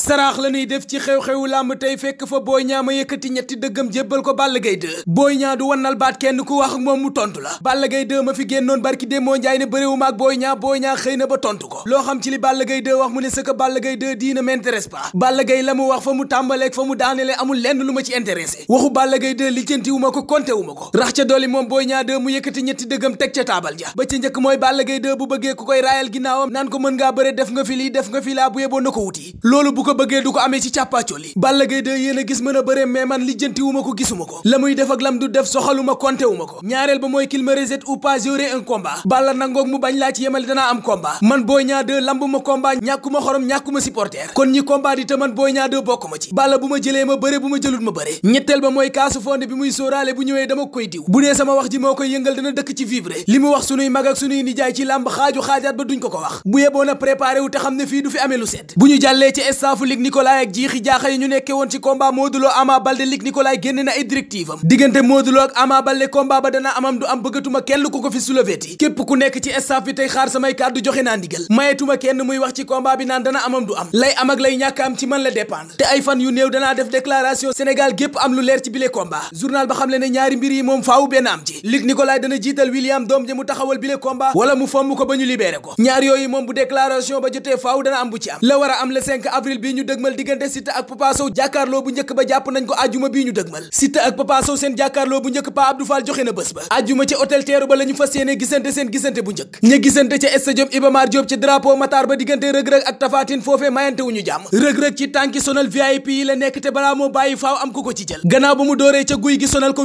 saraax la ñuy def ci xew-xewu làmb tey fekk fa Boy Niang ma yëkkati ñetti dëggam jébbal ko Balla Gaye 2 Boy Niang du wannal baat kenn ku wax ak moom mu tontu la Balla Gaye 2 ma fi génnoon barki démoo njaay ne bëréewuma ak Boy Niang Boy Niang xëy na ba tontu ko loo xam ci li Balla Gaye 2 wax mu ne ce que Balla Gaye 2 dii ne m'intéresse la mu wax fa mu tàmbaleeg fa mu daanele amul lenn lu ma ci intéressé waxu Balla Gaye 2 lijjanti wu ma ko konté wu moom Boy Niang 2 mu yëkkati ñetti dëggam teg ca taabal ja ba ca njëkk mooy Balla naan ko mën ngaa bëre def nga fi lii def nga fi laa bu yeboo na ko ko bëggee du ko amee ci càppaacol yi Balla Gaye de yéen a gis mën a bëree mais man lijjanti wu ma ko gisuma ko la muy def ak lam du def soxalu ma konté wu ma ko ñaareel ba mooy qu'il me mu bañ laa ci yemale danaa am combat man Boy Niang 2 lamb ñàkkuma xorom ñàkkuma supporter kon ñi combat di te man Boy Niang bokk ma ci Balla bu ma jëlee ma bëre bu ma jëlut ma bëre ñetteel ba mooy kaasu fonde bi muy sóoraale bu ñëwee dama koy diw bu dee sama wax ji moo koy yëngal dana dëkk ci vivre li mu wax sunuy mag ak sunuy nijaay ci làmb xaaju xaajaat ba duñ ko ko wax bu yeboon a te xam ne fii du fi amee lu sedd stafu Luc Nicolaï ak jiixi jaaxa yi ñu nekke woon ci combat Modou Lo Ama Baldé Luc ba dana amam du am bëggatuma kenn ku ko fi soulevéti képp ku nekk ci staff bi tey xaar samay kàddu joxe naa ndigal mayetuma kenn muy wax ci combat bi naan dana amam du am lay am lay ñàkk am ci man la dépendre te ay fan yu néew danaa def déclaration Sénégal gépp am lu leer ci bile combat journal ba xam le ne ñaari mbir yi moom faawu benn am ci Luc Nicolaï dana jiital a am le 5 bi ñu dëgmal diggante Siteu ak Papa jàkkaarloo bu njëkk ba jàpp nañ ko ajuma bi ñu dëgmal Siteu ak Papa seen jàkkaarloo bu njëkk Pa Abdou joxe na bés ba ajuma ci hôtel teeru ba la ñu fas gisante seen gisante bu njëkk ña gisante ca stadium Iba Mar Diop ci drapeau ba diggante rëg-rëg ak tafaatin foofee mayante jàmm rëg-rëg ci tànki sonal VIP yi la nekk te balaa moo bàyyi faaw am ko ko ci jël gannaaw ba mu dooree ca guy gi sonal ko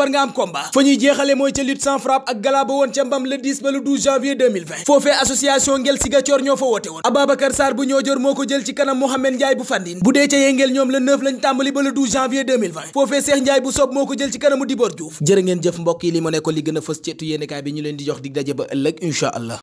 war nga am combat fa ñuy jeexale mooy ca lutte sans frappe ak gala woon ca mbam le 10 ba le 12 janvier 2020 foofee association ngel Sigacoor ñoo fa woote woon Ababacar Sarr bu ñoo jor moo ko jël ci kanam Mohamed Ndiaye bu Fandine bu dee ca yengeel ñoom le 9 tàmbali ba le janvier foofee Cheikh Ndiaye bu Sob moo ko jël ci kanamu Dibor Diouf jërë ngeen jëf mbokk yi ko li gën a fës ceetu yéenekaay bi ñu leen di jox dig daje ba ëllëg incha allah